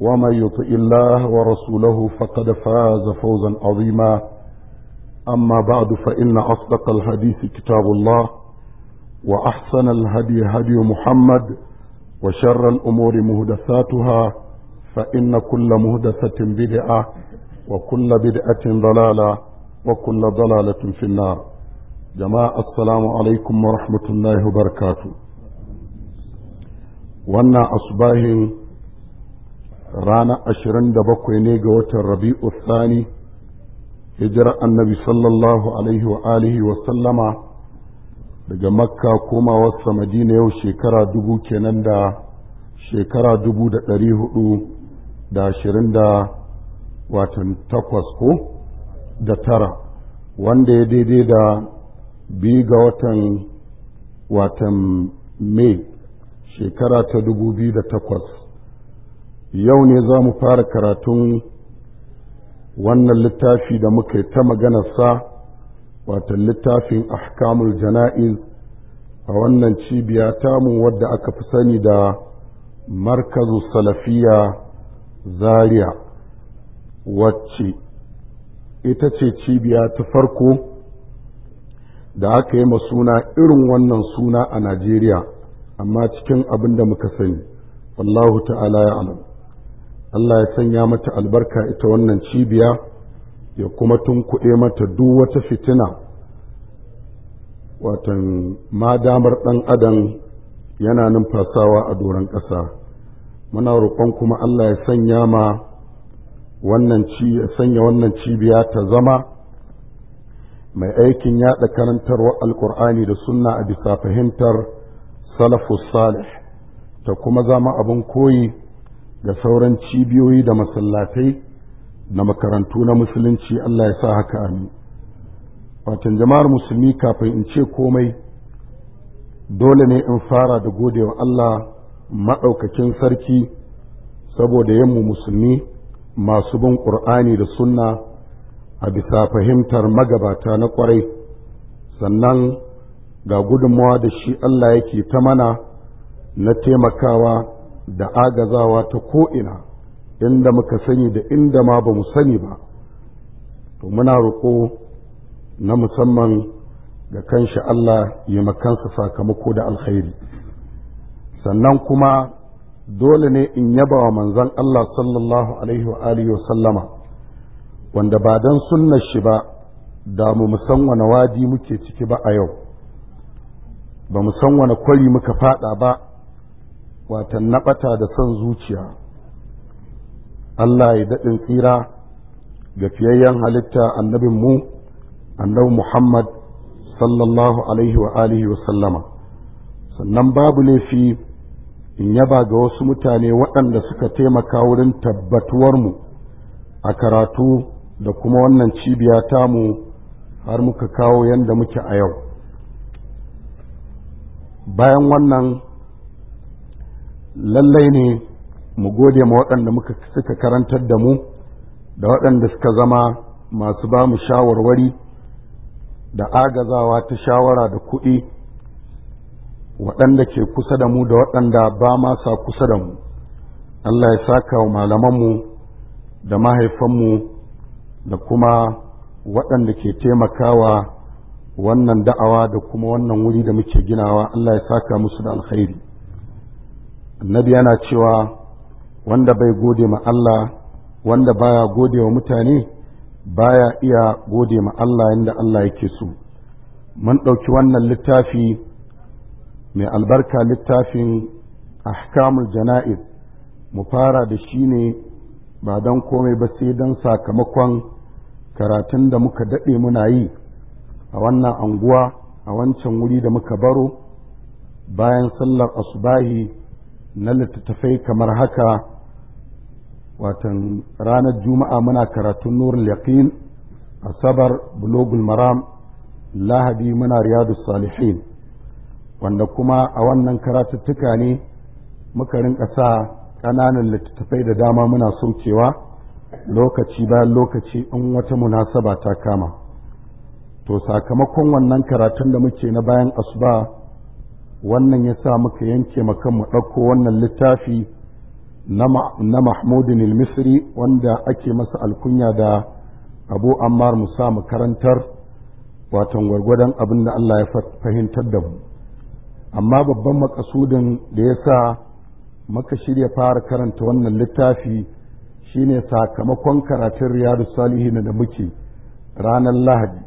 ومن يطع الله ورسوله فقد فاز فوزا عظيما أما بعد فإن أصدق الحديث كتاب الله وأحسن الهدي هدي محمد وشر الأمور مهدثاتها فإن كل مهدثة بدعة وكل بدعة ضلالة وكل ضلالة في النار جماعة السلام عليكم ورحمة الله وبركاته وانا أصباهن ranar ashirin da bakwai ne ga watan rabi'u sani hijirar annabi sallallahu alaihi wa alihi wa sallama daga makka komawarsa madina yau shekara dubu kenan da shekara dubu da ɗari hudu da ashirin da watan takwas ko da tara wanda ya daidai da biyu ga watan watan mai shekara ta dubu biyu da takwas yau ne za mu fara karatun wannan littafi da muka yi ta maganarsa wata littafin ahkamul jana'iz a wannan cibiya tamu wadda aka fi sani da markazu salafiya zaria wacce ita ce cibiya ta farko da aka yi suna irin wannan suna a najeriya amma cikin abin da muka sani wallahu ta'ala ya alam Allah ya sanya mata albarka ita wannan cibiya ya kuma tun kuɗe mata duk wata fitina watan madamar ɗan adam yana numfasawa a doron ƙasa muna roƙon kuma Allah ya sanya ma wannan ci sanya wannan cibiya ta zama mai aikin yaɗa karantarwa alƙur'ani da sunna a bisa fahimtar salafus salih ta kuma zama abin koyi ga sauran cibiyoyi da masallatai na makarantu na musulunci Allah ya sa haka amin watan jama'ar musulmi kafin in ce komai dole ne in fara da godewa Allah maɗaukakin sarki saboda yammu musulmi masu bin ƙur'ani da sunna a bisa fahimtar magabata na ƙwarai sannan ga gudunmawa da shi Allah yake ta mana na taimakawa da agazawa ta ko'ina inda muka sani da inda ma ba mu sani ba to muna roƙo na musamman ga kanshi Allah ya makansa sakamako da alkhairi sannan kuma dole ne in yabawa wa manzon Allah sallallahu alaihi wa wa sallama wanda ba dan sunnar shi ba da mu musan wani wadi muke ciki ba a yau ba mu san wani kwari muka fada ba watan naɓata da son zuciya Allah ya daɗin tsira ga fiyayyen halitta annabin mu annabi Muhammad sallallahu alaihi wa alihi wa sallama sannan babu laifi in yaba ga wasu mutane waɗanda suka taimaka wurin tabbatuwarmu a karatu da kuma wannan cibiya mu har muka kawo yadda muke a yau bayan wannan lallai ne mu gode ma waɗanda muka suka karantar da mu da waɗanda suka zama masu ba mu shawarwari da agazawa ta shawara da kuɗi waɗanda ke kusa da mu da waɗanda ba ma sa kusa da mu Allah ya saka wa malamanmu da mahaifanmu da kuma waɗanda ke taimakawa wannan da'awa da kuma wannan wuri da muke ginawa Allah ya saka musu da alkhairi annabi yana cewa wanda bai gode ma Allah wanda baya gode wa mutane baya iya gode ma Allah yadda Allah yake so mun ɗauki wannan littafi mai albarka littafin ahkamul jana'iz mu fara da shi ne ba don komai ba sai don sakamakon karatun da muka daɗe muna yi a wannan anguwa a wancan wuri da muka baro bayan sallar asubahi na littattafai kamar haka watan ranar juma'a muna karatun nurul yaqin asabar bulogul maram lahadi muna riyadu salihin wanda kuma a wannan karatuttuka ne muka rinka sa ƙananan littattafai da dama muna saukewa lokaci bayan lokaci in wata munasaba ta kama to sakamakon wannan karatun da muke na bayan asuba wannan ya sa muka yanke makan mu ɗauko wannan littafi na mahmudin al-misri wanda ake masa alkunya da abu ammar musa mu karantar watan gwargwadon abin da allah ya fahimtar da mu amma babban makasudin da ya sa maka shirya fara karanta wannan littafi shine sakamakon karatun riyadu salihin da muke ranar lahadi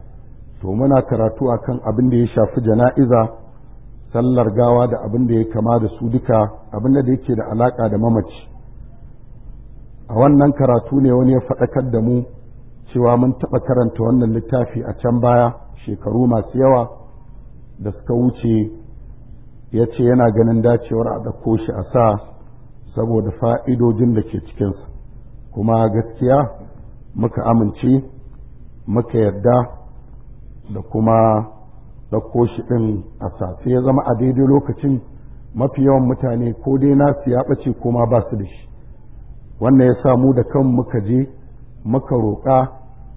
to muna karatu akan abin da ya shafi jana'iza sallar gawa da abin da ya kama da su duka abin da yake da alaƙa da mamaci a wannan karatu ne wani ya faɗakar da mu cewa mun taɓa karanta wannan littafi a can baya shekaru masu yawa da suka wuce ya ce yana ganin dacewar a ɗauko shi a sa saboda fa'idojin da ke cikinsu. kuma gaskiya muka amince muka yarda da kuma ɗauko shi ɗin a sa sai ya zama a daidai lokacin mafi yawan mutane ko dai nasu ya ɓace ko ma ba su da shi wannan ya mu da kan muka je muka roƙa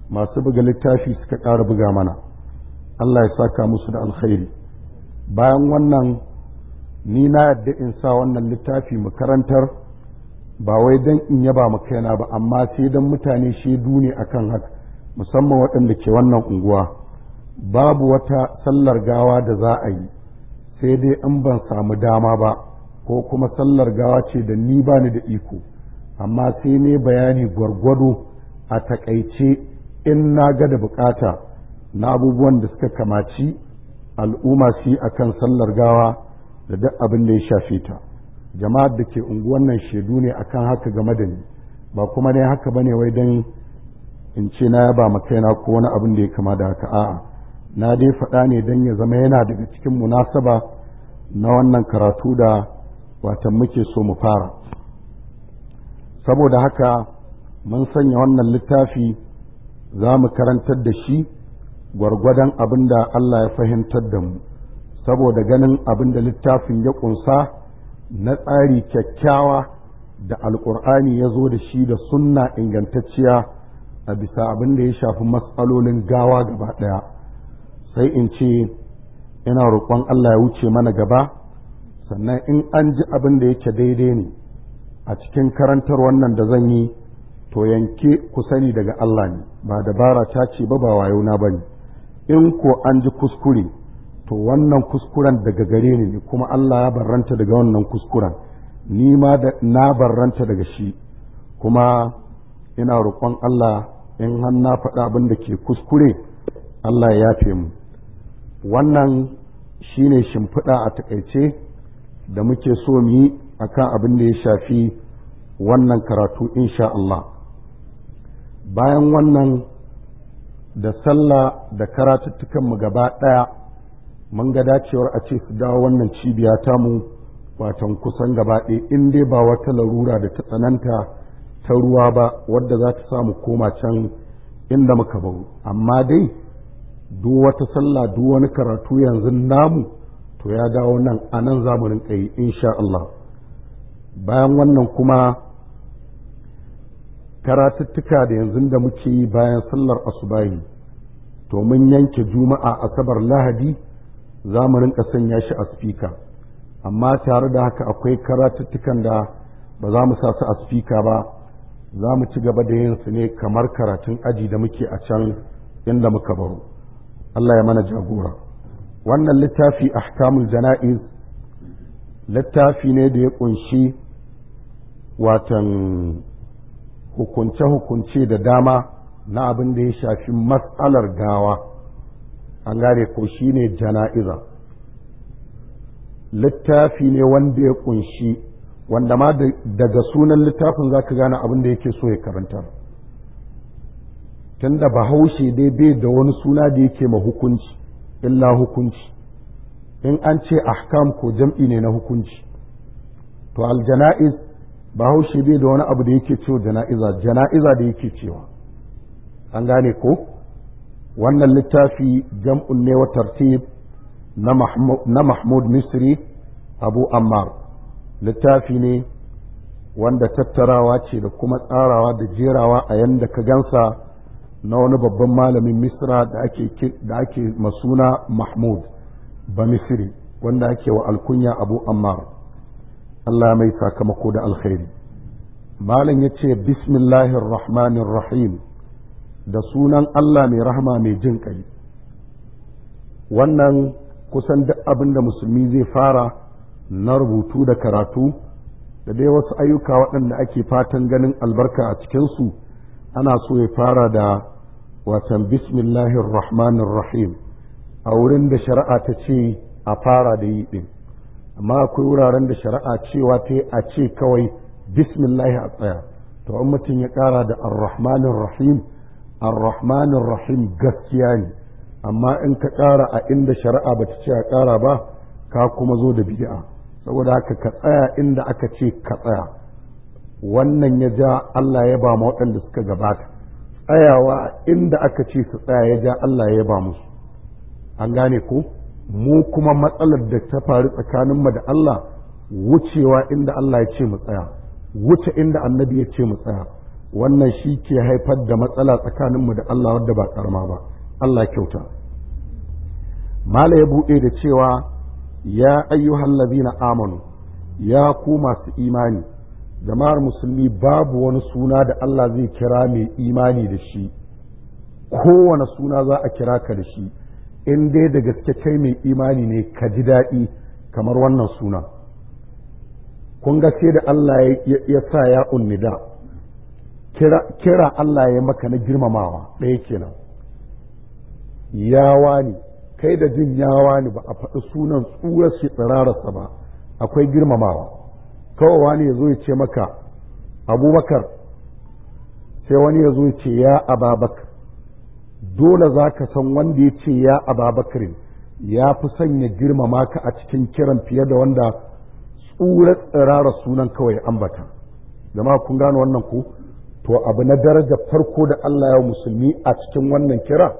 masu buga littafi suka ƙara buga mana Allah ya saka musu da alkhairi bayan wannan ni na yadda in sa wannan littafi mu karantar ba wai don in yaba mu kaina ba amma sai don mutane shaidu ne kan haka musamman waɗanda ke wannan unguwa babu wata sallar gawa da za a yi sai dai in ban samu dama ba ko kuma sallar gawa ce da ni ba ni da iko amma sai ne bayani gwargwado a takaice in na ga da bukata na abubuwan da suka kamaci al'umma su yi akan sallar gawa da duk abin da ya shafe ta jama'ar da ke unguwan nan shaidu ne akan haka game da ni ba kuma ne haka bane wai don in ce na yaba ma kaina ko wani abin da ya kama da haka a'a na dai faɗa ne don ya zama yana daga cikin munasaba na wannan karatu da watan muke so mu fara saboda haka mun sanya wannan littafi za mu karantar da shi gwargwadon abin da Allah ya fahimtar da mu saboda ganin abin da littafin ya ƙunsa na tsari kyakkyawa da alƙur'ani ya zo da shi da sunna ingantacciya a bisa abin da ya shafi matsalolin gawa gaba ɗaya sai in ce ina roƙon Allah ya wuce mana gaba sannan in an ji abin da yake daidai ne a cikin karantar wannan da zan yi to yanke ku sani daga Allah ne ba dabara ta ce ba ba wayona ba ne in ko an ji kuskure to wannan kuskuren daga gare ne kuma Allah ya barranta daga wannan kuskuren ni ma na barranta daga shi kuma ina roƙon Allah in har na faɗa abin da ke kuskure Allah ya yafe mu wannan shi ne shimfiɗa a takaice da muke so mu yi a kan abin da ya shafi wannan karatu insha Allah bayan wannan da sallah da karatuttukanmu gaba ɗaya mun ga dacewar a ce su dawo wannan cibiya mu watan kusan gaba ɗaya in dai ba wata larura da ta tsananta ta ruwa ba wadda za ta samu koma can inda muka bau amma dai duk wata sallah duk wani karatu yanzu namu to ya dawo nan a nan zamanin kai insha Allah bayan wannan kuma karatuttuka da yanzu da muke yi bayan sallar asubahi to mun yanke juma'a asabar lahadi zamanin sanya shi a spika amma tare da haka akwai karatuttukan da ba za mu sa su a spika ba za mu ci gaba da yin su ne kamar karatun aji da muke a can inda muka baro Allah ya mana jagora wannan littafi ahkamul jana'iz littafi ne da ya kunshi watan hukunce-hukunce da dama na abin da ya shafi matsalar gawa an gane ko shi ne jana'iza littafi ne wanda ya kunshi wanda ma daga sunan littafin za ka gane abin da yake so ya karanta. tunda bahaushe dai bai da wani suna da yake ma hukunci illa hukunci in an ce ahkam ko jam'i ne na hukunci to aljana'iz bahaushe bai da wani abu da yake cewa jana'iza jana'iza da yake cewa an gane ko wannan littafi jam'un ne wa tartib na mahmud misri abu ammar littafi ne wanda tattarawa ce da kuma tsarawa da jerawa a yanda ka gansa na wani babban malamin misra da ake masuna mahmud ba misiri wanda ake wa alkunya abu ammar allah mai sakamako da alkhairi malam ya ce bismillahir rahim da sunan allah mai rahama mai jin kai wannan kusan duk abin da musulmi zai fara na rubutu da karatu da dai wasu ayyuka waɗanda ake fatan ganin albarka a cikinsu ana so ya fara da watan bismillahir rahmanir rahim a wurin da shari'a ta ce a fara da yi ɗin amma akwai wuraren da shari'a cewa ta a ce kawai bismillahi a tsaya to in mutum ya ƙara da arrahmanir rahim arrahmanir rahim gaskiya ne amma in ka ƙara a inda shari'a ba ta ce a ƙara ba ka kuma zo da bid'a saboda haka ka tsaya inda aka ce ka tsaya wannan ya ja Allah ya ba ma waɗanda suka gabata tsayawa inda aka ce su tsaya ya ja Allah ya ba musu an gane ko mu kuma matsalar da ta faru tsakaninmu da Allah wucewa inda Allah ya ce mu tsaya wuce inda annabi ya ce mu tsaya wannan shi ke haifar da matsala tsakaninmu da Allah wadda ba karama ba Allah kyauta mala ya buɗe da cewa ya ayyuhallazina amanu ya ku masu imani jama'ar musulmi babu wani suna da Allah zai kira mai imani da shi kowane suna za a kira ka da shi in dai da gaske kai mai imani ne ka ji daɗi kamar wannan suna kun ga sai da Allah ya sa ya unnida kira Allah ya maka na girmamawa ɗaya kenan yawa ne kai da jin yawa ne ba a faɗi sunan tsura shi tsirararsa ba akwai girmamawa kawai wani ya zo ya ce maka abubakar sai wani ya zo ya ce ya ababakar dole za ka san wanda ya ce ya ababakar ya fi sanya girmama ka a cikin kiran fiye da wanda tsura tsirara sunan kawai ambata jama'a kun gano wannan ku to abu na daraja farko da Allah ya musulmi a cikin wannan kira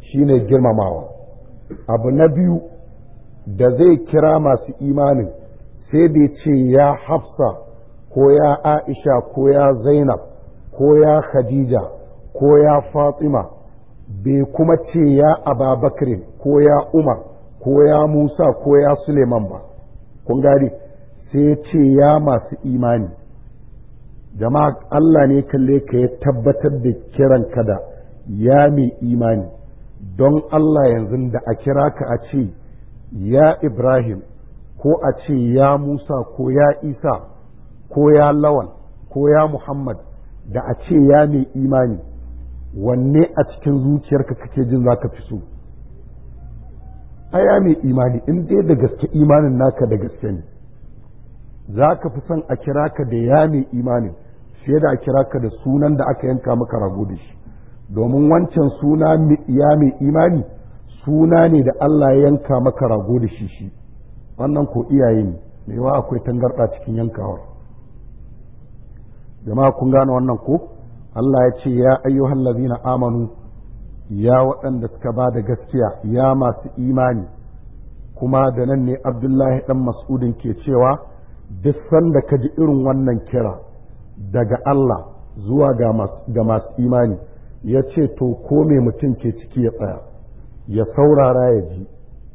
shine girmamawa abu na biyu da zai kira masu imanin sai da ce ya hafsa ko ya aisha ko ya zainab ko ya khadija ko ya fatima bai kuma ce ya ababakar ko ya umar ko ya musa ko ya suleiman ba kun gari sai ce ya masu imani jama'a allah ne kalle ka ya tabbatar da kiranka da ya mai imani don allah yanzu da a kira ka a ce ya ibrahim ko a ce ya musa ko ya isa ko ya lawan ko ya muhammad da a ce ya mai imani wanne a cikin zuciyarka kake jin za ka fi so a ya mai imani in dai da gaske imanin naka da gaske ne za ka fi son a kira ka da ya mai imanin fiye da a kira ka da sunan da aka yanka maka rago da shi domin wancan suna ya mai imani suna ne da Allah ya yanka maka rago da shi shi wannan ko iyaye ne me yawa akwai tangarɗa cikin yankawar jama'a kun gane wannan ko Allah ya ce ya ayyuhal ladina amanu ya waɗanda suka ba da gaskiya ya masu imani kuma da nan ne abdullahi ɗan mas'udin ke cewa duk sanda ka ji irin wannan kira daga Allah zuwa ga masu imani ya ce to ko me mutum ke ciki ya tsaya ya saurara ya ji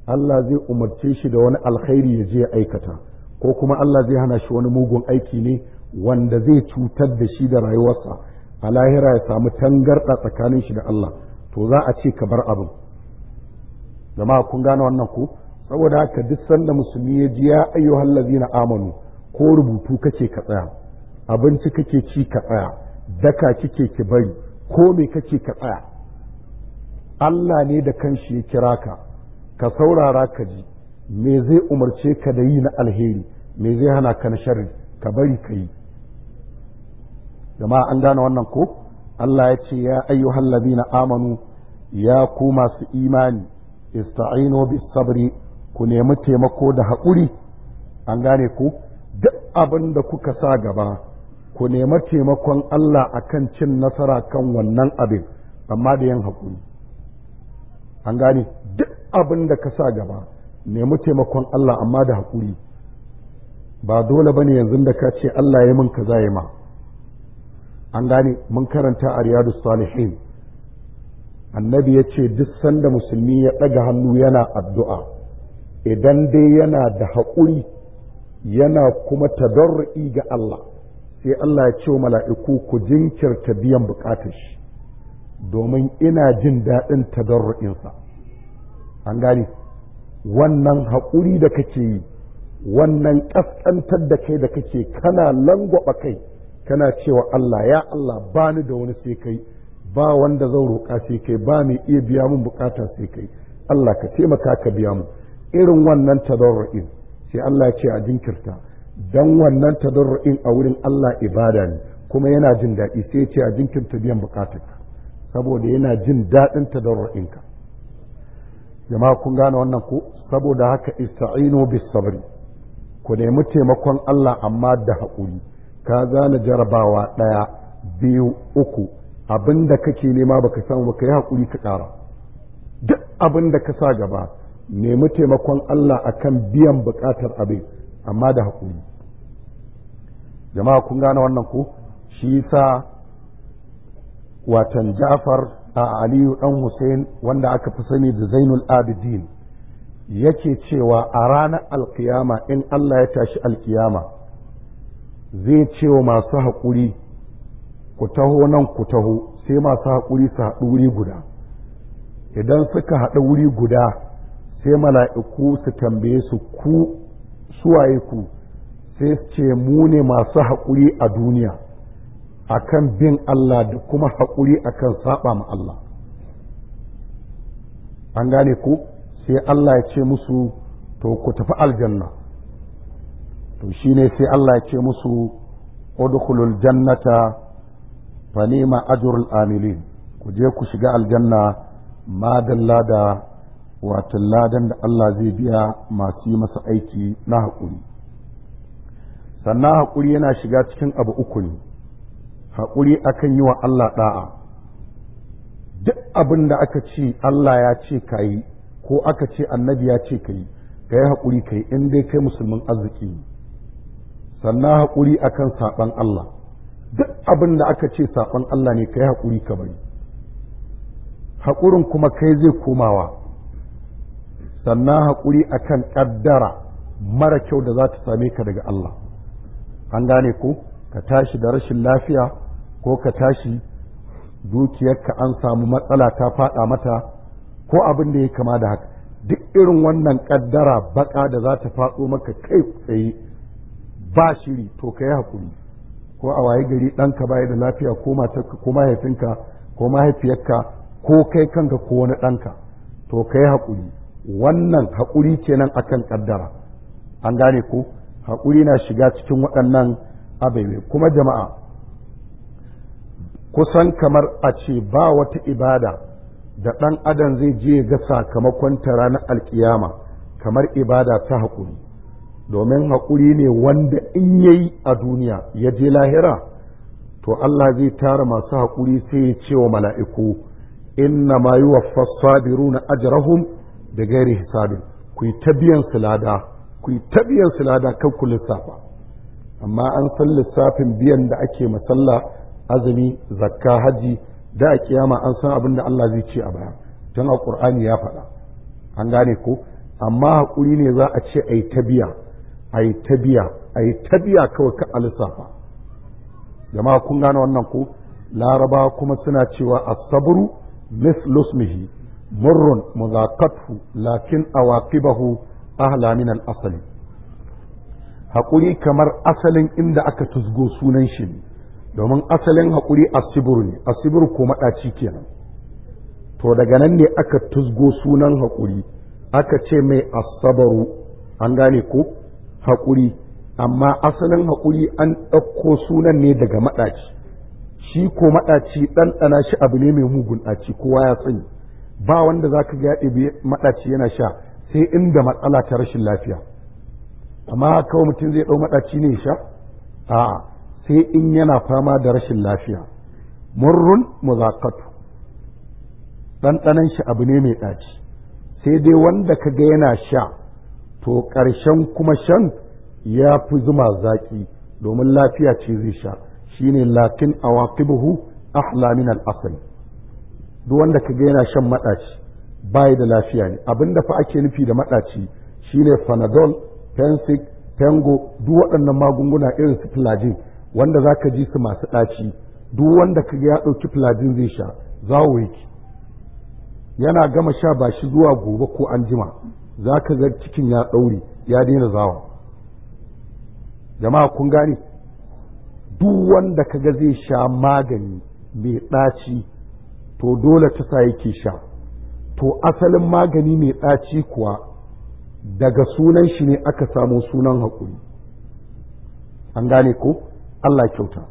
Allah zai umarce shi da wani alkhairi ya je ya aikata ko kuma Allah zai hana shi wani mugun aiki ne wanda zai cutar da shi da rayuwarsa a lahira ya samu tangarɗa tsakanin shi da Allah to za a ce ka bar abin jama'a kun gane wannan ko saboda haka duk sanda musulmi ya ji ya ayyuhal na amanu ko rubutu kake ka tsaya abinci kake ci ka tsaya daka kike ki bari ko me kake ka tsaya Allah ne da kanshi ya kira ka ka saurara ka ji me zai umarce ka da yi na alheri me zai hana ka na sharri ka bari ka yi jama'a an gane wannan ko Allah ya ce ya ayyuhal ladina amanu ya ku masu imani ista'ino bis sabri ku nemi taimako da haƙuri an gane ku duk abin da kuka sa gaba ku nemi taimakon Allah akan cin nasara kan wannan abin amma da yin haƙuri an gane abin da ka sa gaba nemi taimakon Allah amma da haƙuri ba dole ba ne yanzu da ka ce Allah ya min kaza ya ma an gane mun karanta a riyadu salihin annabi ya ce duk sanda musulmi ya ɗaga hannu yana addu'a idan dai yana da haƙuri yana kuma tadarru'i ga Allah sai Allah ya ce wa mala'iku ku jinkirta biyan bukatar shi domin ina jin daɗin tadarru'insa an gane wannan haƙuri da kake yi wannan ƙasƙantar da kai da kake kana langwaɓa kai kana cewa Allah ya Allah bani da wani sai kai ba wanda zan roƙa sai kai ba mai iya biya mun bukata sai kai Allah ka taimaka ka biya mu irin wannan tadarru'in sai Allah ya ce a jinkirta dan wannan tadarru'in a wurin Allah ibada ne kuma yana jin daɗi sai ya ce a jinkirta biyan bukatarka saboda yana jin daɗin tadarru'inka jama'a kun gane wannan ku saboda haka ista'inu bis sabri ku nemi taimakon Allah amma da haƙuri ka gane jarabawa ɗaya biyu uku abinda da kake nema baka san baka yi haƙuri ka ƙara duk abin da ka sa gaba nemi taimakon Allah akan biyan buƙatar abin amma da haƙuri jama'a kun gane wannan ku shi sa watan Ja'far a aliyu dan hussein wanda aka fi sani da zainul abidin yake cewa a ranar alkiyama in allah ya tashi alkiyama zai ce wa masu haƙuri ku taho nan ku taho sai masu haƙuri su haɗu wuri guda idan suka haɗu wuri guda sai mala'iku su tambaye su ku suwaye ku sai su ce mu ne masu haƙuri a duniya akan bin Allah da kuma haƙuri akan saba ma Allah an gane ku sai Allah ya ce musu to ku tafi aljanna to shine sai Allah ya ce musu udkhulul jannata fa ni'ma ajrul amilin ku je ku shiga aljanna ma lada wato ladan da Allah zai biya masu yi masa aiki na haƙuri sannan haƙuri yana shiga cikin abu uku ne haƙuri akan yi wa Allah ɗa'a duk abin da aka ce Allah ya ce ka yi ko aka ce annabi ya ce ka yi ka yi haƙuri ka yi in dai kai musulmin arziki ne sannan haƙuri akan saɓan Allah duk abin da aka ce saɓon Allah ne ka yi haƙuri ka bari haƙurin kuma kai zai komawa sannan haƙuri akan ƙaddara mara kyau da za ta same ka daga Allah an gane ko ka tashi da rashin lafiya ko ka tashi dukiyarka an samu matsala ta faɗa mata ko abin da ya kama da haka duk irin wannan kaddara baka da za ta faɗo maka kai tsaye ba shiri to ka yi haƙuri ko a waye gari ɗanka baya da lafiya ko matarka ko mahaifinka ko mahaifiyarka ko kai kanka ko wani ɗanka to ka yi haƙuri wannan haƙuri kenan akan kaddara an gane ko haƙuri na shiga cikin waɗannan abaiwe kuma jama'a kusan kamar a ce ba wata ibada da ɗan adam zai je ga sakamakon ta ranar alkiyama kamar ibada ta haƙuri domin haƙuri ne wanda in yayi a duniya ya je lahira to Allah zai tara masu haƙuri sai ya ce wa mala'iku inna ma yi waffas sabiru na ajirahun da gairi hisabin ku yi ta biyan silada ku yi ta biyan silada kan ku lissafa amma an san lissafin biyan da ake masalla azumi zakka hajji da a kiyama an san abin da Allah zai ce a baya tun a ƙurani ya faɗa an gane ko amma haƙuri ne za a ce ai tabiya ai tabiya ai tabiya kawai ka alisafa jama'a kun gane wannan ko laraba kuma suna cewa as-sabru mislu ismihi murrun muzaqatuhu lakin awaqibahu ahla min al-asli haƙuri kamar asalin inda aka tusgo sunan shi ne domin asalin haƙuri asibir ne asibir ko maɗaci kenan to daga nan ne aka tuzgo sunan haƙuri aka ce mai asabaru an gane ko haƙuri amma asalin haƙuri an ɗauko sunan ne daga maɗaci shi ko maɗaci ɗanɗana shi abu ne mai mugun ɗaci kowa ya sani ba wanda za ka ga maɗaci yana sha sai inda matsala ta rashin lafiya amma kawai mutum zai ɗau maɗaci ne sha a'a sai in yana fama da rashin lafiya murrun muzakatu ɗanɗanan shi abu ne mai ɗaci sai dai wanda ka ga yana sha to karshen kuma shan ya fi zuma zaƙi domin lafiya ce zai sha shine lakin awaqibuhu ahla min al-asl duk wanda ka ga yana shan maɗaci bai da lafiya ne da fa ake nufi da maɗaci shine fanadol pensic pengo duk waɗannan magunguna irin su flagyl wanda za ka ji su masu ɗaci duk wanda ka ya ɗauki filajin zai sha zawo yake yana gama sha ba shi zuwa gobe ko an jima za ka ga cikin ya ɗaure ya daina zawa. jama'a kun gane duk wanda ka ga zai sha magani mai ɗaci to dole ta sa yake sha to asalin magani mai ɗaci kuwa daga sunan shi ne aka samo sunan haƙuri an gane ko Allah kyauta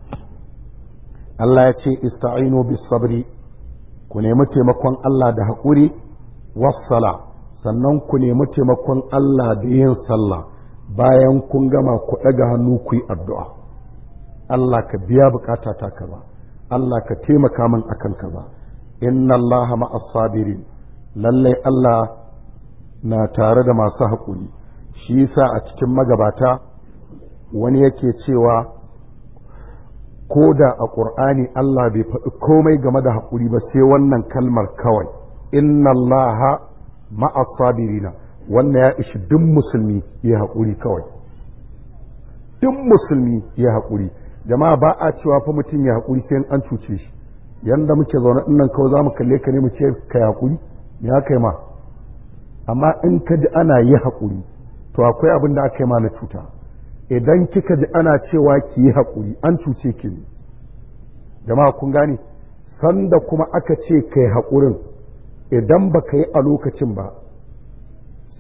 Allah ya ce ista'ino bis sabri ku nemi taimakon Allah da haƙuri wassala sannan ku nemi taimakon Allah da yin sallah bayan kun gama ku ɗaga hannu ku yi addu'a Allah ka biya bukata ta kaza Allah ka taimaka min akan kaza inna Allah ma'as sabirin lallai Allah na tare da masu haƙuri shi yasa a cikin magabata wani yake cewa ko da a ƙur'ani Allah bai faɗi komai game da haƙuri ba sai wannan kalmar kawai inna allaha ma'a sabirina wannan ya ishi duk musulmi ya haƙuri kawai duk musulmi ya haƙuri jama'a ba a cewa fa mutum ya haƙuri sai an cuce shi yanda muke zaune nan kawai za mu kalle ka ne mu ce ka haƙuri ya kai ma amma in ka ana yi haƙuri to akwai abin da aka yi ma na cuta idan kika ji ana cewa ki yi haƙuri an cuce ki ne jama'a kun gane sanda kuma aka ce kai haƙurin idan ba ka yi a lokacin ba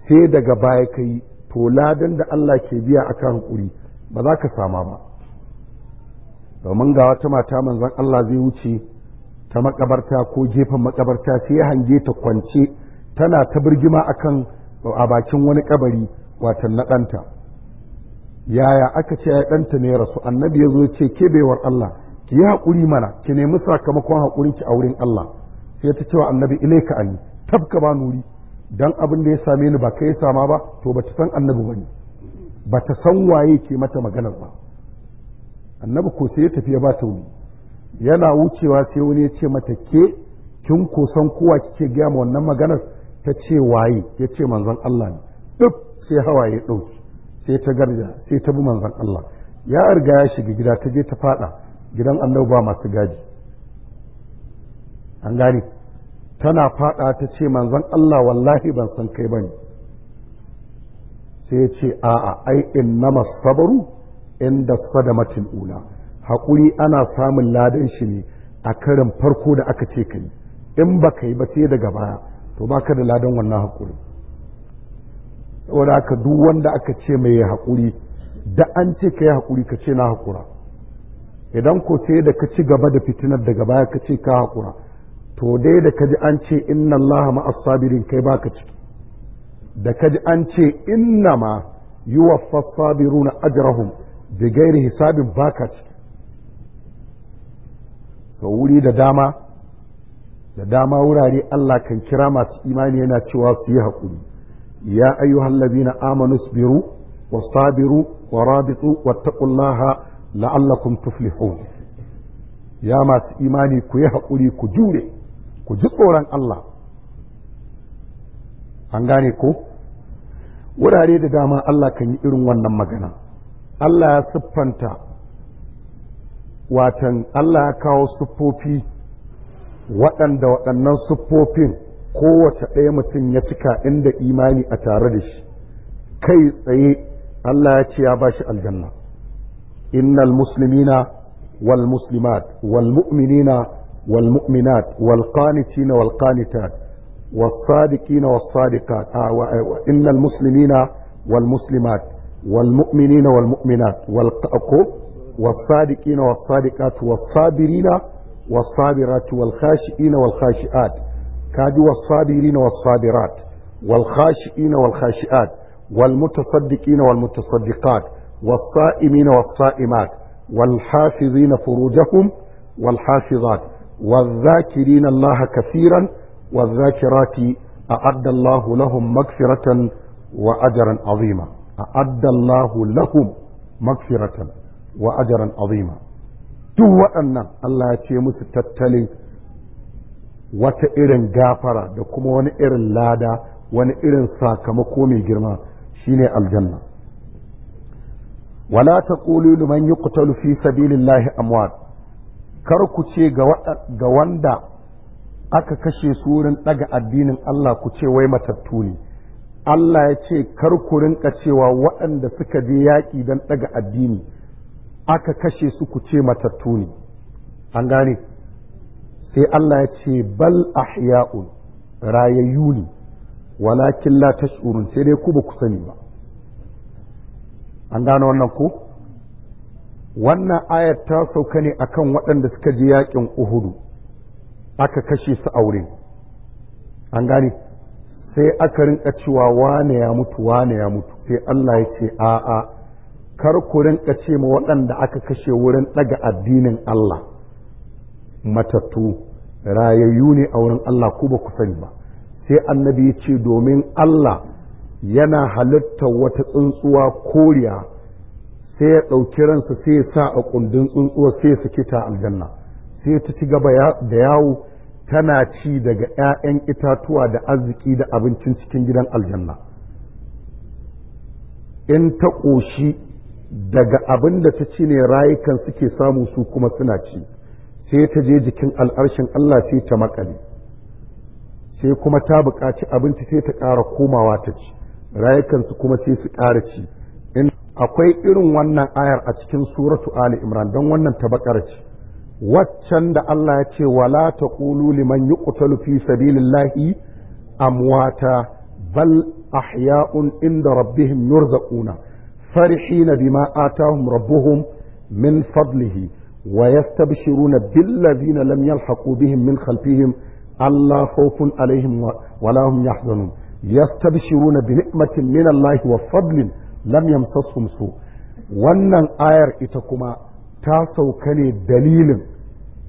sai daga baya ka yi to ladan da Allah ke biya a hakuri ba za ka sama ba domin ga wata mata manzon Allah zai wuce ta makabarta ko gefen makabarta sai ya hange ta kwance tana ta birgima akan a bakin wani kabari watan na ɗanta yaya aka ce ya ɗanta ne rasu annabi ya zo ce ke baiwar Allah ki yi haƙuri mana ki nemi sakamakon haƙurin ki a wurin Allah sai ta cewa annabi ilaika ani tabka ba nuri dan abin da ya same ni ba kai ya sama ba to bata san annabi bane bata san waye ke mata maganar ba annabi ko sai ya tafi ya ba ta wuri yana wucewa sai wani ya ce mata ke kin ko san kowa kike gaya ma wannan maganar ta ce waye ya ce manzon Allah ne duk sai hawaye ɗauki sai ta garja sai ta bi manzan Allah ya arga ya shiga gida ta je ta fada gidan annabi ba masu gaji an gane tana fada ta ce manzan Allah wallahi ban san kai bane sai ya ce a'a ai inna sabaru inda sadamatin ula hakuri ana samun ladan shi ne a karin farko da aka ce ka in baka yi ba sai daga baya to ba da ladan wannan hakuri saboda aka duk wanda aka ce mai haƙuri da an ce ka yi haƙuri ka ce na haƙura idan ko sai da ka ci gaba da fitinar daga baya ka ce ka haƙura to dai da ka ji an ce inna Allah ma asabirin kai baka ciki da ka ji an ce inna ma yi wa fassabiru na ajirahun da gairi hisabin baka ciki ka wuri da dama da dama wurare Allah kan kira masu imani yana cewa su yi haƙuri يا أيها الذين آمنوا اصبروا واصطابروا ورابطوا واتقوا الله لعلكم تفلحون يا ما إيماني كي قولي كجوري كجسوران الله أنغاني كو ولا ريد داما الله كان yi irin wannan magana Allah ya siffanta watan Allah ya kawo siffofi kowace ɗaya mutum ya cika inda imani a tare da shi kai tsaye Allah ya ce ya ba shi aljanna innal muslimina wal muslimat wal mu'minina wal mu'minat wal qanitina wal qanitat was sadiqina was sadiqat e, innal muslimina wal muslimat wal mu'minina wal mu'minat wal والصادقين والصادقات والصابرين والصابرات والخاشئين والخاشئات كاد والصابرين والصابرات والخاشئين والخاشئات والمتصدقين والمتصدقات والصائمين والصائمات والحافظين فروجهم والحافظات والذاكرين الله كثيرا والذاكرات أعد الله لهم مغفرة وأجرا عظيما أعد الله لهم مغفرة وأجرا عظيما تو أن الله ya ce wata irin gafara da kuma wani irin lada wani irin sakamako mai girma shine aljanna wala taqulu liman yuqtalu fi sabilillahi amwat kar ku ce ga wanda aka kashe su wurin daga addinin Allah ku ce wai matattu ne Allah ya ce kar ku rinka cewa waɗanda suka je yaƙi don ɗaga addini aka kashe su ku ce matattu ne an gane sai Allah ya ce bal ahya'un rayayyu ne walakin la tash'urun sai dai ku ba ku sani ba an gano wannan ko wannan ayar ta sauka ne akan waɗanda suka ji yakin uhudu aka kashe su aure an gane sai aka rinka cewa wane ya mutu wane ya mutu sai Allah ya ce a'a kar ku rinka ce ma waɗanda aka kashe wurin ɗaga addinin Allah matattu rayayyu ne a wurin Allah ku ba ku sani ba sai annabi ya ce domin Allah yana halitta wata tsuntsuwa koriya sai ya ɗauki ransa sai ya sa a kundin tsuntsuwa sai ya saki ta aljanna sai ta ci gaba da yawo tana ci daga 'ya'yan itatuwa da arziki da abincin cikin gidan aljanna in ta ƙoshi daga abin da ta ci ne rayukan suke samu su kuma suna ci sai ta je jikin al'arshin Allah sai ta makale sai kuma ta buƙaci abinci sai ta ƙara komawa ta ci rayukansu kuma sai su ƙara ci in akwai irin wannan ayar a cikin suratu ali imran don wannan ta bakar ci waccan da Allah ya ce wala taqulu liman kutalu fi sabilillahi amwata bal ahya'un inda rabbihim yurzaquna farihina bima atahum rabbuhum min fadlihi wa yastabshiruna billazina lam yalhaqu bihim min khalfihim alla khawfun alaihim wa la hum yahzanun yastabshiruna bi ni'matin min Allah wa fadlin lam yamsasuhum su wannan ayar ita kuma ta sauka ne dalilin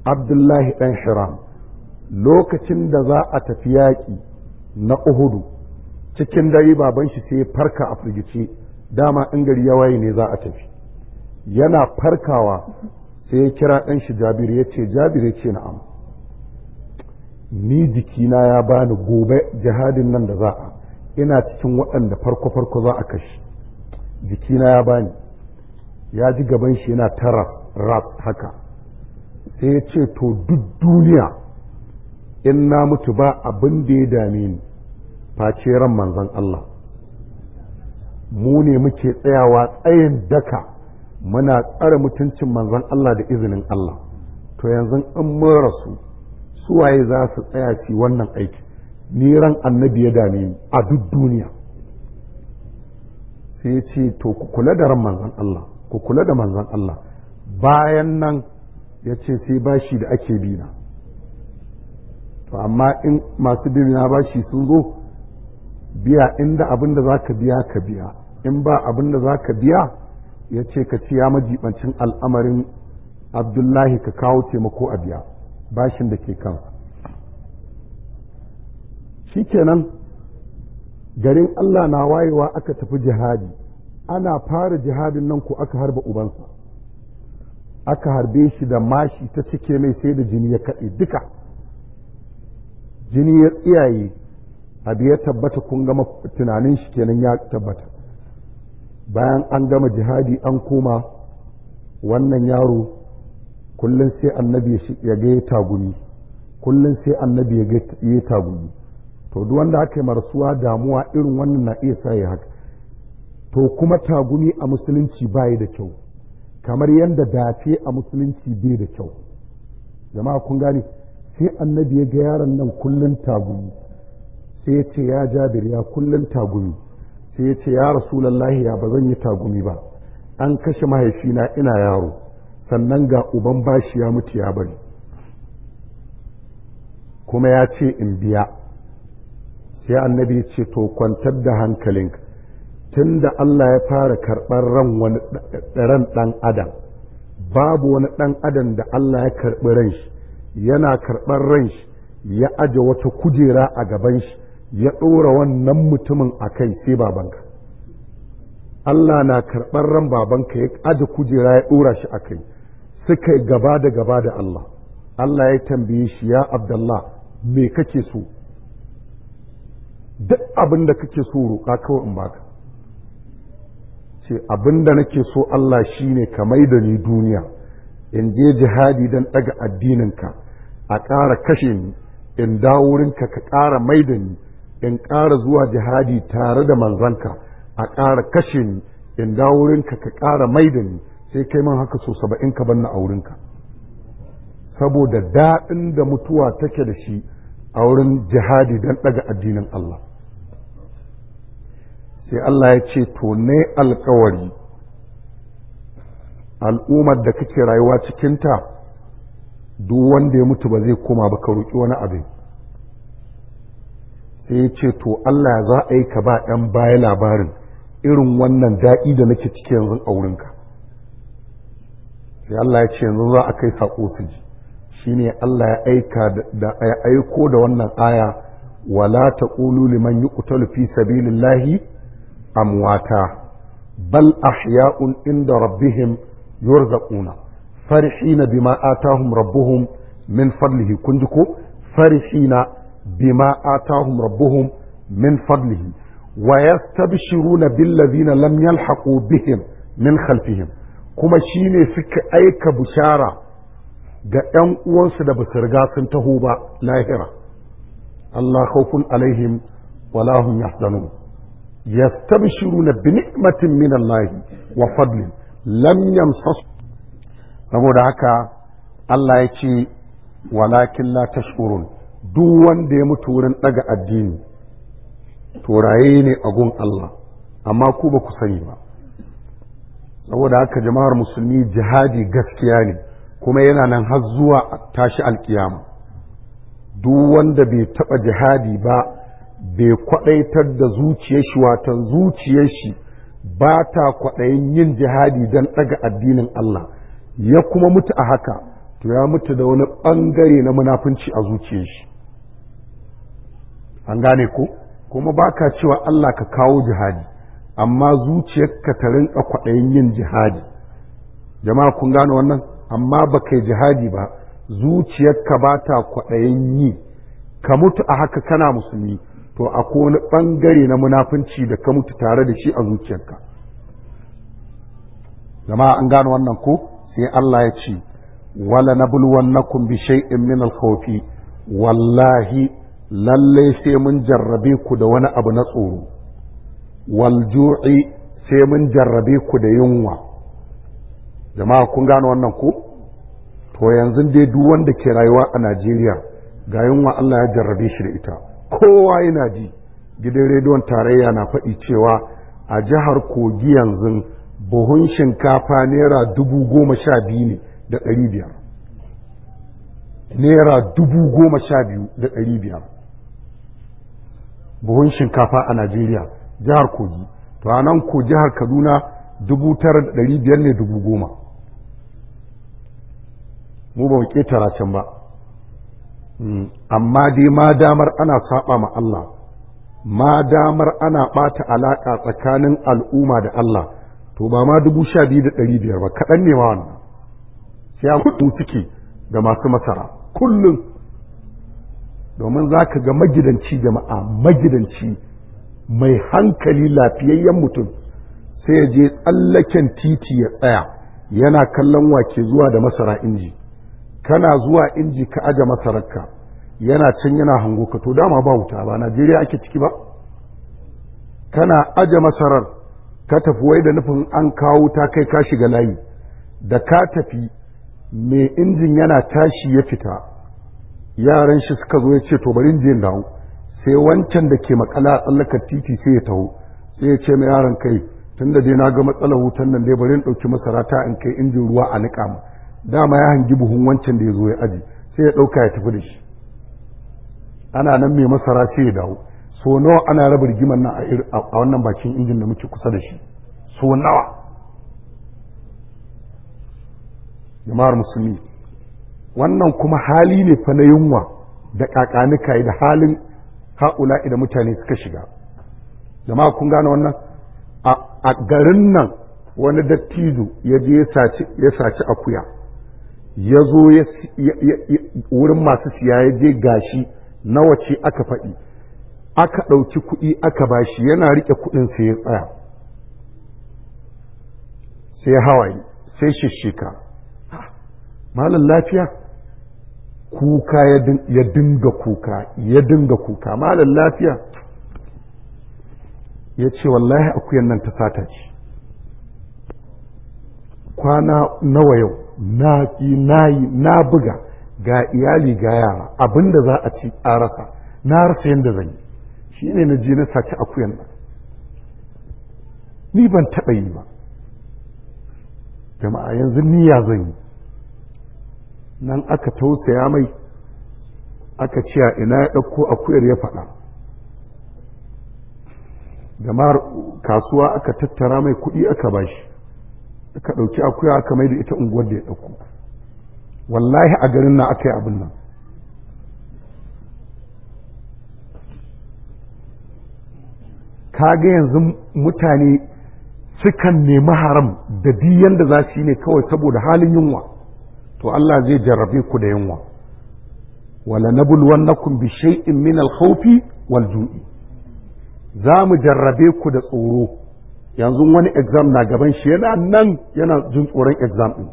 Abdullahi dan Hiram lokacin da za a tafi yaƙi na Uhudu cikin dare Babanshi sai farka a firgice dama in gari ya waye ne za a tafi yana farkawa sai ya kira ɗan shi jabir ya ce jabir ya ce na'am ni jikina ya bani gobe jihadin nan da za a ina cikin waɗanda farko farko za a kashi jikina ya bani ya ji gaban shi yana tara rat haka sai ya ce to duk duniya in na mutu ba abin da ya dame ni face ran manzon Allah mu ne muke tsayawa tsayin daka muna tsare mutuncin manzon Allah da izinin Allah to yanzu in mun rasu su waye za su tsaya ci wannan aiki ni ran annabi ya dame ni a duk duniya sai ce to ku kula da ran manzon Allah ku kula da manzon Allah bayan nan ya ce sai bashi da ake bina to amma in masu bina bashi sun zo biya inda abin da za biya ka biya in ba abin da za biya ya ce ka ci ya majibancin al'amarin abdullahi ka kawo taimako a biya bashin da ke kansa shikenan garin allah na wayewa aka tafi jihadi ana fara jihadin nan ko aka harba ubansa aka harbe shi da mashi ta cike mai sai da jini ya kaɗe duka jini ya tsiyaye abu ya tabbata kun gama tunanin shi kenan ya tabbata bayan an gama jihadi an koma wannan yaro kullum sai annabi ya ga tagumi kullum sai annabi ya ga tagumi to duk wanda aka yi marasuwa damuwa irin wannan na iya sa ya haka to kuma tagumi a musulunci bai da kyau kamar yadda dace a musulunci bai da kyau jama'a kun gane sai annabi ya ga yaron nan kullum tagumi sai ya ce ya jabir ya kullum tagumi sai ya ce ya rasulallahi ya ba zan yi tagumi ba an kashe mahaifina ina yaro sannan ga uban bashi ya mutu ya bari kuma ya ce in biya sai annabi ya ce to kwantar da hankalin tun da Allah ya fara karɓar ran wani ran ɗan adam babu wani ɗan adam da Allah ya karɓi ran shi yana karɓar ran shi ya aje wata kujera a gaban shi ya ɗora wannan mutumin a kai sai babanka Allah na karɓar ran babanka ya ƙada kujera ya ɗora shi a kai suka gaba da gaba da Allah Allah ya tambaye shi ya Abdullah me kake so duk abin da kake so roƙa kawai in baka ce abin da nake so Allah shine ka mai da ni duniya in je jihadi don ɗaga addininka a ƙara kashe ni in dawo wurinka ka ƙara mai da ni in ƙara zuwa jihadi tare da manzanka a ƙara kashe ni in dawo wurinka ka ƙara mai da ni sai kai man haka so saba'in ka banna a wurinka saboda daɗin da mutuwa take da shi a wurin jihadi don ɗaga addinin Allah sai Allah ya ce to ne alkawari al'ummar da kake rayuwa cikinta duk wanda ya mutu ba zai koma ba ka roƙi wani abin sai ya ce to Allah za a yi ka ba ɗan baya labarin irin wannan daɗi da nake ciki yanzu a wurinka sai Allah ya ce yanzu za a kai saƙo su ji shine Allah ya aika da ya aiko da wannan aya wala ƙulu liman yuqtalu fi sabilillahi amwata bal ahya'un inda rabbihim yurzaquna farihina bima atahum rabbuhum min fadlihi kun ji ko farihina bima atahum rabbuhum min fadlihi wa yastabshiruna billazina lam yalhaqu bihim min khalfihim kuma shine suka aika bishara ga ‘yan uwansu da basu riga sun taho ba lahira Allah khawfun alaihim wala ya yahzanun shiru na ni'matin min Allah wa fadlin lam yamsas saboda haka Allah ya ce walakin la tashkurun duk wanda ya mutu wurin ɗaga addini to raye ne a gun Allah amma ku ba ku sani ba saboda haka jama'ar musulmi jihadi gaskiya ne kuma yana nan har zuwa tashi alkiyama duk wanda bai taɓa jihadi ba bai kwaɗaitar da zuciyar shi watan zuciyar shi ba ta kwaɗayin yin jihadi don ɗaga addinin Allah ya kuma mutu a haka to ya mutu da wani ɓangare na munafunci a zuciyar shi an gane ko kuma ba cewa Allah ka kawo jihadi amma zuciyarka ta rinka kwaɗayin yin jihadi jama'a kun gane wannan amma ba kai jihadi ba zuciyarka ba ta kwaɗayin yi ka mutu a haka kana musulmi to a wani ɓangare na munafunci da ka mutu tare da shi a zuciyarka jama'a an gane wannan ko sai Allah ya ce wala nabluwannakum bi shay'in min al-khawfi wallahi lallai sai mun jarrabe ku da wani abu na tsoro wal sai mun jarrabe ku da yunwa jama'a kun gano wannan ku to yanzu dai duk wanda ke rayuwa a Najeriya ga yunwa Allah ya jarrabe shi da ita kowa yana ji gidan rediyon tarayya na faɗi cewa a jihar kogi yanzu buhun shinkafa naira dubu goma sha biyu ne da ɗari biyar naira dubu goma sha biyu da ɗari biyar buhun shinkafa a najeriya jihar kogi to a nan ko jihar kaduna dubu tara da ɗari biyar ne dubu goma mu ba mu ƙetara ba mm, amma dai ma damar ana saba ma Allah ma damar ana ɓata alaƙa tsakanin al'umma da Allah to ba ma dubu sha biyu da ɗari biyar ba kaɗan ne ma wannan sai a ciki da masu masara kullum domin za ka ga magidanci jama'a magidanci mai hankali lafiyayyen mutum sai ya je tsallaken titi ya tsaya yana kallon wake zuwa da masara inji kana zuwa inji ka aje masararka yana can yana hango ka to dama ba wuta ba najeriya ake ciki ba kana aje masarar ka tafi wai da nufin an kawo ta kai ka ga layi da ka tafi mai injin yana tashi ya fita yaran shi suka zo ya ce to bari je dawo sai wancan da ke makala a tsallakar titi sai ya taho sai ya ce mai yaron kai tun da dai na ga matsalar wutan nan dai bari in ɗauki masara ta in kai injin ruwa a niƙa mu dama ya hangi buhun wancan da ya zo ya aji sai ya ɗauka ya tafi da shi ana nan mai masara sai ya dawo so nawa ana raba rigimar nan a wannan bakin injin da muke kusa da shi so nawa jama'ar musulmi wannan kuma hali ne fa na yunwa da kakanika da halin haula da mutane suka shiga jama'a kun gane wannan a garin nan wani dattijo ya je ya saci akuya ya zo wurin masu siya ya je gashi na wace aka faɗi aka ɗauki kuɗi aka bashi yana riƙe kuɗin sai ya tsaya sai hawaye sai shishika ah, malam lafiya kuka ya dinga kuka ya dinga kuka malam lafiya ya ce wallahi akuyan nan ta sata ce kwana nawa yau na nayi na buga ga iyali ga yara abinda za a ci a rasa na rasa yadda zan yi shi ne na je na saci akuyan nan ni ban taɓa yi ba jama'a yanzu niyya zan yi nan aka tausaya mai aka ce ina ya ɗauko akuyar ya faɗa jama'ar kasuwa aka tattara mai kuɗi aka bashi aka ɗauki akuya aka mai da ita unguwar da ya ɗauko wallahi a garin na aka yi abin nan kaga yanzu mutane sukan nemi haram da diyan da za su yi ne kawai saboda halin yunwa to Allah zai jarrabe ku da yunwa wala nabluwannakum bi shay'in min al-khawfi wal ju'i za mu jarrabe ku da tsoro yanzu wani exam na gaban shi yana nan yana jin tsoron exam din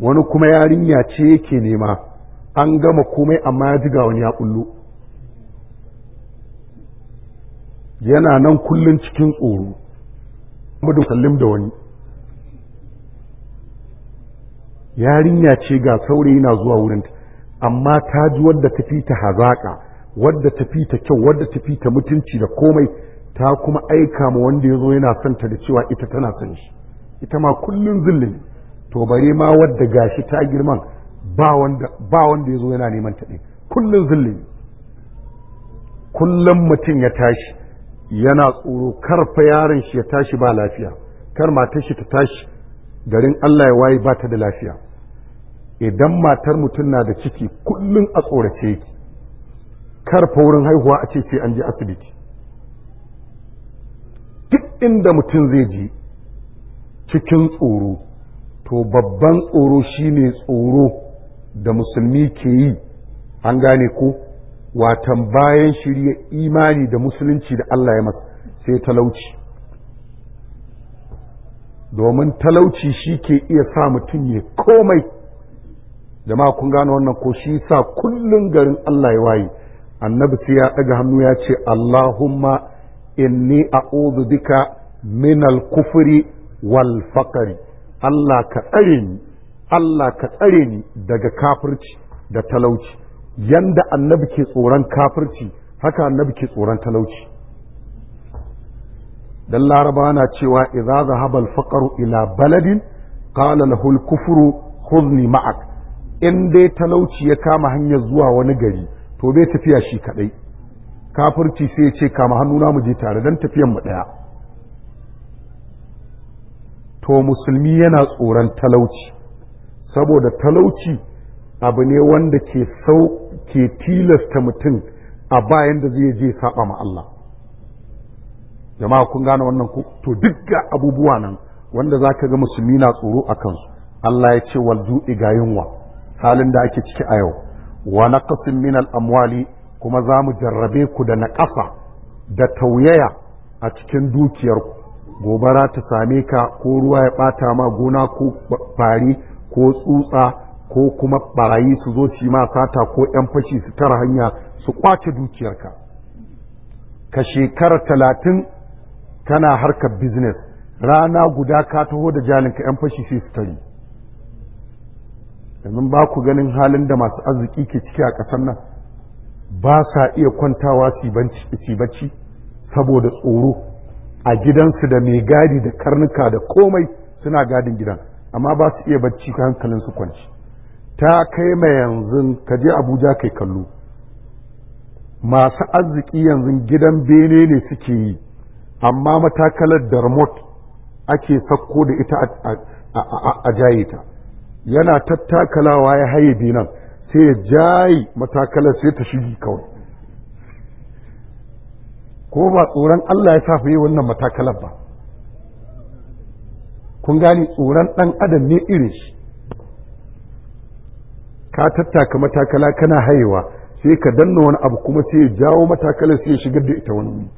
wani kuma yarinya ce yake nema an gama komai amma ya ji ga wani ya kullu yana nan kullun cikin tsoro mu da wani yarinya ce ga saurayi na zuwa wurinta amma ta ji wadda ta fi ta hazaƙa wadda ta fi ta kyau wadda ta fi ta mutunci da komai ta kuma aika ma wanda ya zo yana son ta da cewa ita tana son shi ita ma kullum zullum to bare ma wadda gashi ta girman ba wanda ya zo yana neman ta ɗin kullum zullum kullum mutum ya tashi yana tsoro kar fa yaron shi ya tashi ba lafiya kar matar shi ta tashi garin Allah ya waye ba ta da lafiya idan matar mutum na da ciki kullum a tsorace yake karfa wurin haihuwa a ce ce an ji asibiti duk inda mutum zai je cikin tsoro to babban tsoro shi ne tsoro da musulmi ke yi an gane ko watan bayan shirya imani da musulunci da Allah ya masa sai talauci domin talauci shi ke iya sa mutum ya komai jama'a kun gane wannan ko shi sa kullun garin Allah ya waye annabi sai ya daga hannu ya ce Allahumma inni a'udhu bika min al-kufri wal faqri Allah ka tsare ni Allah ka tsare ni daga kafirci da talauci yanda annabi ke tsoron kafirci haka annabi ke tsoron talauci dan laraba na cewa idza zahaba faqru ila baladin qala lahu al-kufru khudni ma'ak in dai talauci ya kama hanyar zuwa wani gari to bai tafiya shi kadai kafirci sai ya ce kama hannuna mu je tare dan tafiyan mu daya to musulmi yana tsoron talauci saboda talauci abu ne wanda ke sau ke tilasta mutum a bayan da zai je saba ma Allah jama'a kun gane wannan ku to dukkan abubuwa nan wanda zaka ga musulmi na tsoro akan su Allah ya ce wal ga yunwa halin da ake ciki a yau wa naqsin min al-amwali kuma za mu jarrabe ku da naƙasa da tauyaya a cikin dukiyarku gobara ta same ka ko ruwa ya ɓata ma gona ko fari ko tsutsa ko kuma barayi su zo ci ma sata ko 'yan fashi su tara hanya su kwace dukiyarka ka shekara talatin kana harkar business rana guda ka taho da jalinka 'yan fashi sai su tari yanzu ba ku ganin halin da masu arziki ke ciki a ƙasar nan ba sa iya kwantawa su bacci saboda tsoro a gidansu da mai gadi da karnuka da komai suna gadin gidan amma ba su iya bacci hankalin su kwanci ta kai mai yanzu ka je abuja kai kallo masu arziki yanzu gidan bene ne suke yi amma matakalar da remote ake sakko da ita a jaye ta yana tattakalawa ya haye dinan sai ya jayi matakalar sai ta shigi kawai ko ba tsoron Allah ya safa yi wannan matakalar ba kun gani tsoron ɗan adam ne irin shi ka tattaka matakala kana hayewa sai ka danna wani abu kuma sai ya jawo matakalar sai ya shigar da ita wani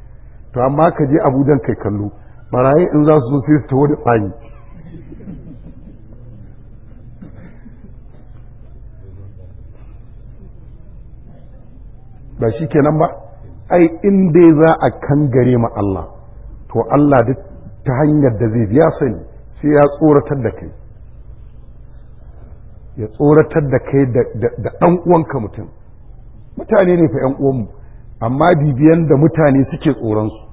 to amma ka je abujan kai kallo barayi in za su zo sai su taho da tsayi ba shi kenan ba ai in dai za a kan gare ma Allah to Allah duk ta hanyar da zai biya sani sai ya tsoratar da kai ya tsoratar da kai da ɗan uwanka mutum mutane ne fa 'yan uwanmu amma bibiyan da mutane suke tsoronsu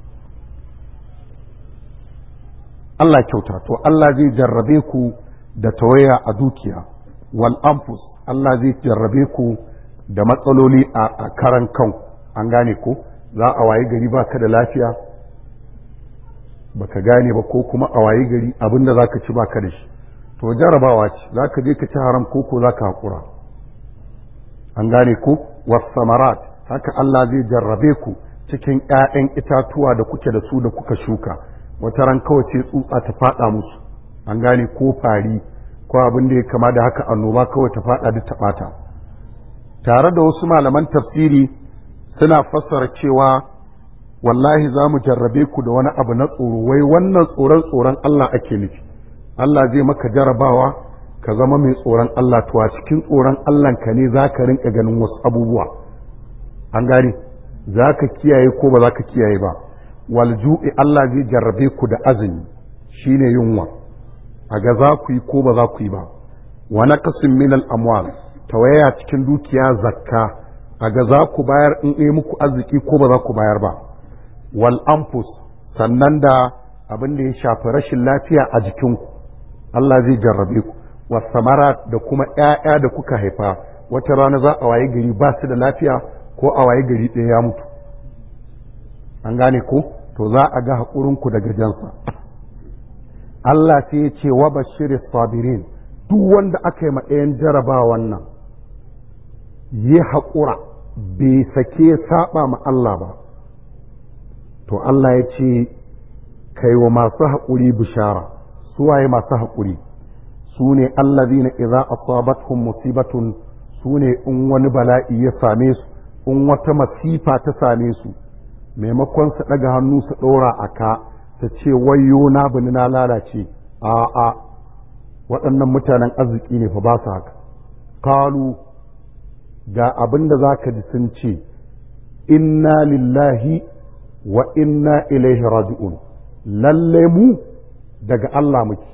Allah kyauta to Allah zai jarrabe ku da tawaya a dukiya wal anfus Allah zai jarrabe ku da matsaloli a karan kan an gane ko za a wayi gari ba ka da lafiya baka gane ba ko kuma a waye gari abinda za ka ci ba ka da shi to jarabawa ce za ka je ka ci haram ko ko za ka haƙura an gane ko wasamarat haka Allah zai jarrabe ku cikin ‘ya'yan itatuwa da kuke da su da kuka shuka wata ran kawai ce tsutsa ta faɗa musu an gane ko fari ko abin da ya kama da haka annoba kawai ta faɗa duk ta ɓata tare da wasu malaman tafsiri suna fassara cewa wallahi za mu jarrabe ku da wani abu na tsoro wai wannan tsoron tsoron Allah ake nufi Allah zai maka jarabawa ka zama mai tsoron Allah to a cikin tsoron Allah ka ne za ka rinka ganin wasu abubuwa an gane za ka kiyaye ko ba za ka kiyaye ba walju'i Allah zai jarrabe ku da azumi shine yunwa a ga za ku yi ko ba za ku yi ba wa naqsin min al-amwal tawaya cikin dukiya zakka a ga za ku bayar in ɗaya muku arziki ko ba za ku bayar ba wal anfus sannan da abin da ya shafi rashin lafiya a jikinku Allah zai jarrabe ku wasamara da kuma ‘ya'ya da kuka haifa wata rana za a waye gari ba su da lafiya ko a waye gari ɗaya ya mutu an gane ko to za a ga haƙurinku daga jansa Allah sai ya ce wa bashirin sabirin duk wanda aka yi ma ɗayan jarabawa nan Yi haƙura bai sake saɓa ma Allah ba to Allah ya ce kai wa masu haƙuri bishara suwaye masu haƙuri su ne allazina idza asabatkum musibatun su ne in wani bala'i ya same su in wata masifa ta same su maimakon su ɗaga hannu su ɗora a ka ta ce wayo na bani na lalace a'a waɗannan mutanen arziki ne fa ba su haka kalu ga abin da za ka ji sun ce inna lillahi wa inna ilaihi raji'un lalle mu daga Allah muke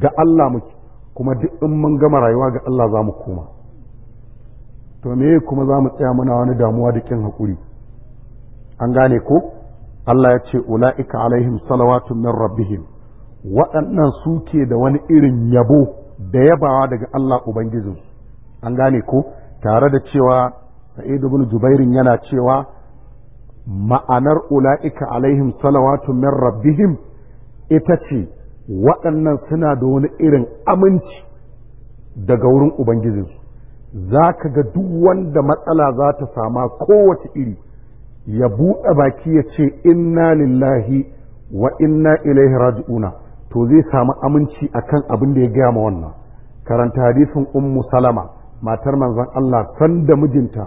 ga Allah muke kuma duk in mun gama rayuwa ga Allah za mu koma to me kuma za mu tsaya muna wani damuwa da kin haƙuri an gane ko Allah ya ce ula'ika alaihim salawatun min rabbihim waɗannan su ke da wani irin yabo da yabawa daga Allah Ubangijinsu an gane ko tare da cewa sa'id ibn jubairin yana cewa ma'anar ula'ika alaihim salawatu min rabbihim ita ce waɗannan suna da wani irin aminci daga wurin ubangijinsu za ka ga duk wanda matsala za ta sama kowace iri ya buɗe baki ya ce inna lillahi wa inna ilaihi raji'una to zai samu aminci akan abin da ya gaya ma wannan karanta hadisin ummu salama matar manzon Allah sanda mijinta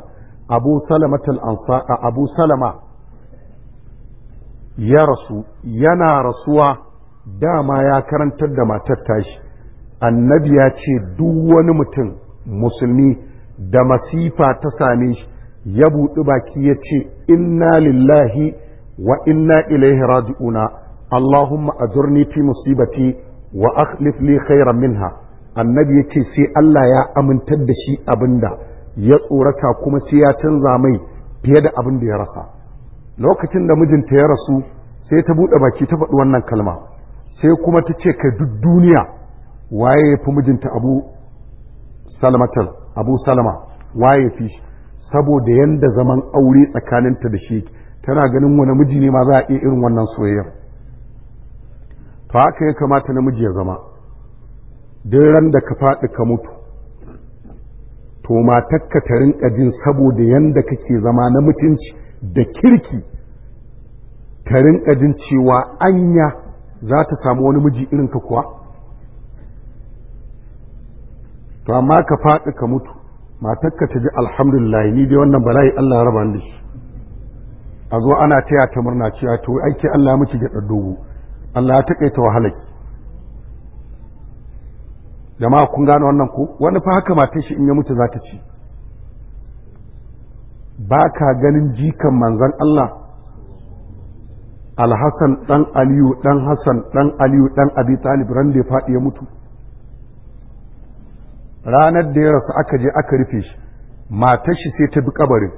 abu salamatul ansa abu salama ya rasu yana rasuwa dama ya karantar da matar tashi annabi ya ce duk wani mutum musulmi da masifa ta same shi ya buɗi baki ya ce inna lillahi wa inna ilaihi raji'una allahumma ajurni fi musibati wa akhlif li khairan minha annabi ya ce sai Allah ya amintar da shi abin da ya tsorata kuma sai ya canza mai fiye da abin da ya rasa lokacin da mijinta ya rasu sai ta buɗe baki ta faɗi wannan kalma sai kuma ta ce ka duk duniya waye ya fi mijinta abu salamatal abu salama waye ya fi shi saboda yanda zaman aure tsakaninta da shi tana ganin wani miji ne ma za a iya irin wannan soyayya to haka ya kamata namiji ya zama dan ran da ka faɗi ka mutu to matakka ta rinka jin saboda yanda kake zama na mutunci da kirki ta rinka jin cewa anya za ta samu wani miji irin ka kuwa to amma ka faɗi ka mutu matakka ta ji alhamdulillah ni dai wannan bala'i Allah raba ni a zo ana taya ta murna cewa to aiki Allah miki da dogo Allah ya takaita wahalaki jama'a kun gane wannan ko wani fa haka mata shi in ya mutu za ci ba ka ganin jikan manzon Allah alhassan ɗan aliyu ɗan hassan ɗan aliyu ɗan abi talib ran da ya faɗi ya mutu ranar da ya rasu aka je aka rufe shi matar shi sai ta bi kabarin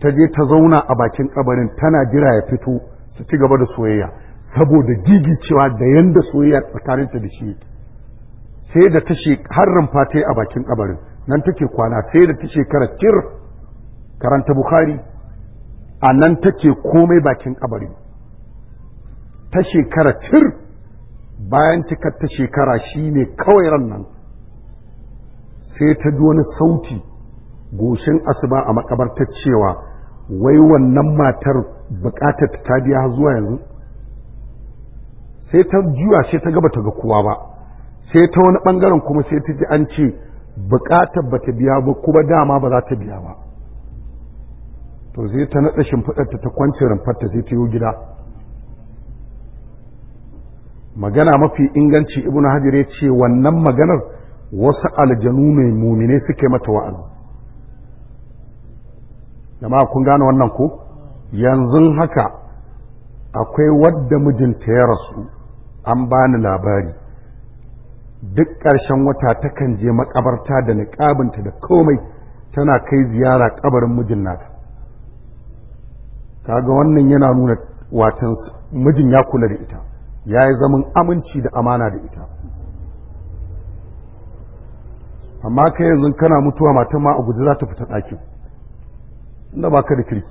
ta je ta zauna a bakin kabarin tana jira ya fito su ci gaba da soyayya saboda gigicewa da yanda soyayya tsakaninta da shi sai da ta har rumfa ta a bakin kabarin nan take kwana sai da ta shekara cir karanta bukhari a nan take komai bakin kabarin ta shekara cir bayan cikar ta shekara shi ne kawai ran nan sai ta ji wani sauti goshin asuba a makabartar cewa wai wannan matar bukatar ta biya zuwa yanzu sai ta juya sai ta gaba ta ga kowa ba sai ta wani ɓangaren kuma sai ta ji an ce bukatar ba ta biya ba kuma dama ba za ta biya ba to sai ta naɗa shimfiɗarta ta kwance rumfarta sai ta yi gida magana mafi inganci ibn hajar ya ce wannan maganar wasu aljanu mai mumine suke mata wa'azi jama'a kun gane wannan ko yanzu haka akwai wadda mijinta ya rasu an bani labari duk ƙarshen wata takan je makabarta da niƙabinta da komai tana kai ziyara ƙabarin mijin nata kaga wannan yana nuna watan mijin ya kula da ita ya yi zaman aminci da amana da ita amma kai yanzu kana mutuwa matan ma a guji za ta fita ɗakin inda ba ka da kirki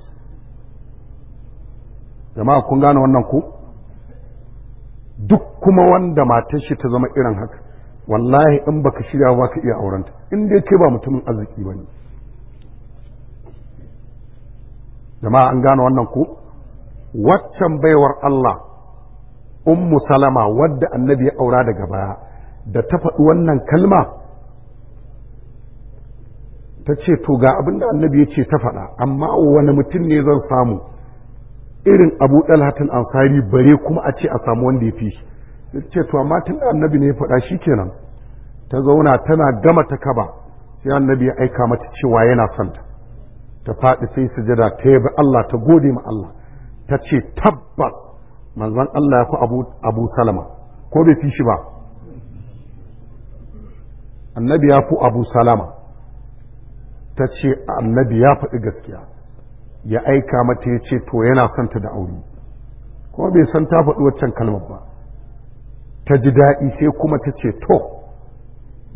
jama'a kun gane wannan ko duk kuma wanda matar shi ta zama irin haka wallahi in baka shirya ba ka iya aurenta in dai ke ba mutumin arziki ba ne jama'a an gano wannan ko waccan baiwar Allah ummu salama wadda annabi ya aura daga baya da ta faɗi wannan kalma ta ce to ga abinda annabi ya ce ta faɗa amma wani mutum ne zan samu irin abu ɗalhatin ansari bare kuma a ce a samu wanda ya fi sai ce to amma tun annabi ne ya faɗa shi kenan ta zauna tana gama ta kaba sai annabi ya aika mata cewa yana son ta ta faɗi sai sujada ta yabi Allah ta gode ma Allah ta ce tabbas manzon Allah ya ku Abu Abu Salama ko bai fi ba annabi ya ku Abu Salama ta ce annabi ya faɗi gaskiya ya aika mata ya ce to yana son da aure kuma bai san ta faɗi waccan kalmar ba ta ji daɗi sai kuma ta ce to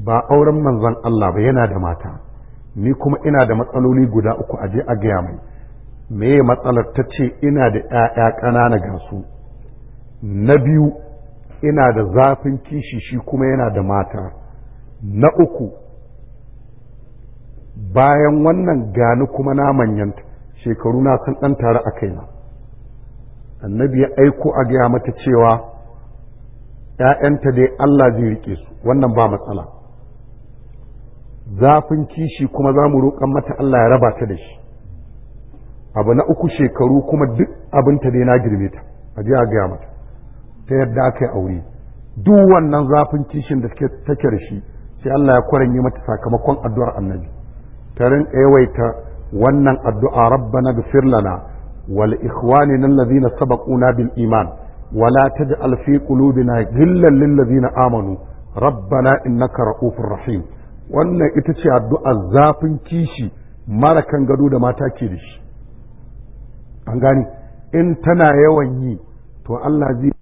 ba auren manzon Allah ba yana da mata ni kuma ina da matsaloli guda uku aje a gaya mai meye matsalar ta ce ina da ‘ya'ya ƙanana ga su na biyu ina da zafin kishi shi kuma yana da mata na uku bayan wannan gani kuma na manyanta shekaru na san ɗan tare a kaina annabi ya aiko a gaya mata cewa ‘ya'yanta dai Allah zai rike su wannan ba matsala zafin kishi kuma za mu roƙan mata Allah ya raba ta da shi abu na uku shekaru kuma duk abinta dai na girme ta a je a gaya mata ta yadda aka yi aure duk wannan zafin kishin da take da shi sai Allah ya yi mata sakamakon addu'ar annabi ta rinka yawaita wannan addu'a rabbana gafir lana wal ikhwanina alladhina sabaquna bil iman ولا تجعل في قلوبنا غلا للذين na ربنا إنك رؤوف رحيم wannan ita ce addu'ar zafin kishi mara kan gado da mata ke da shi an gani in tana yawan yi to Allah zai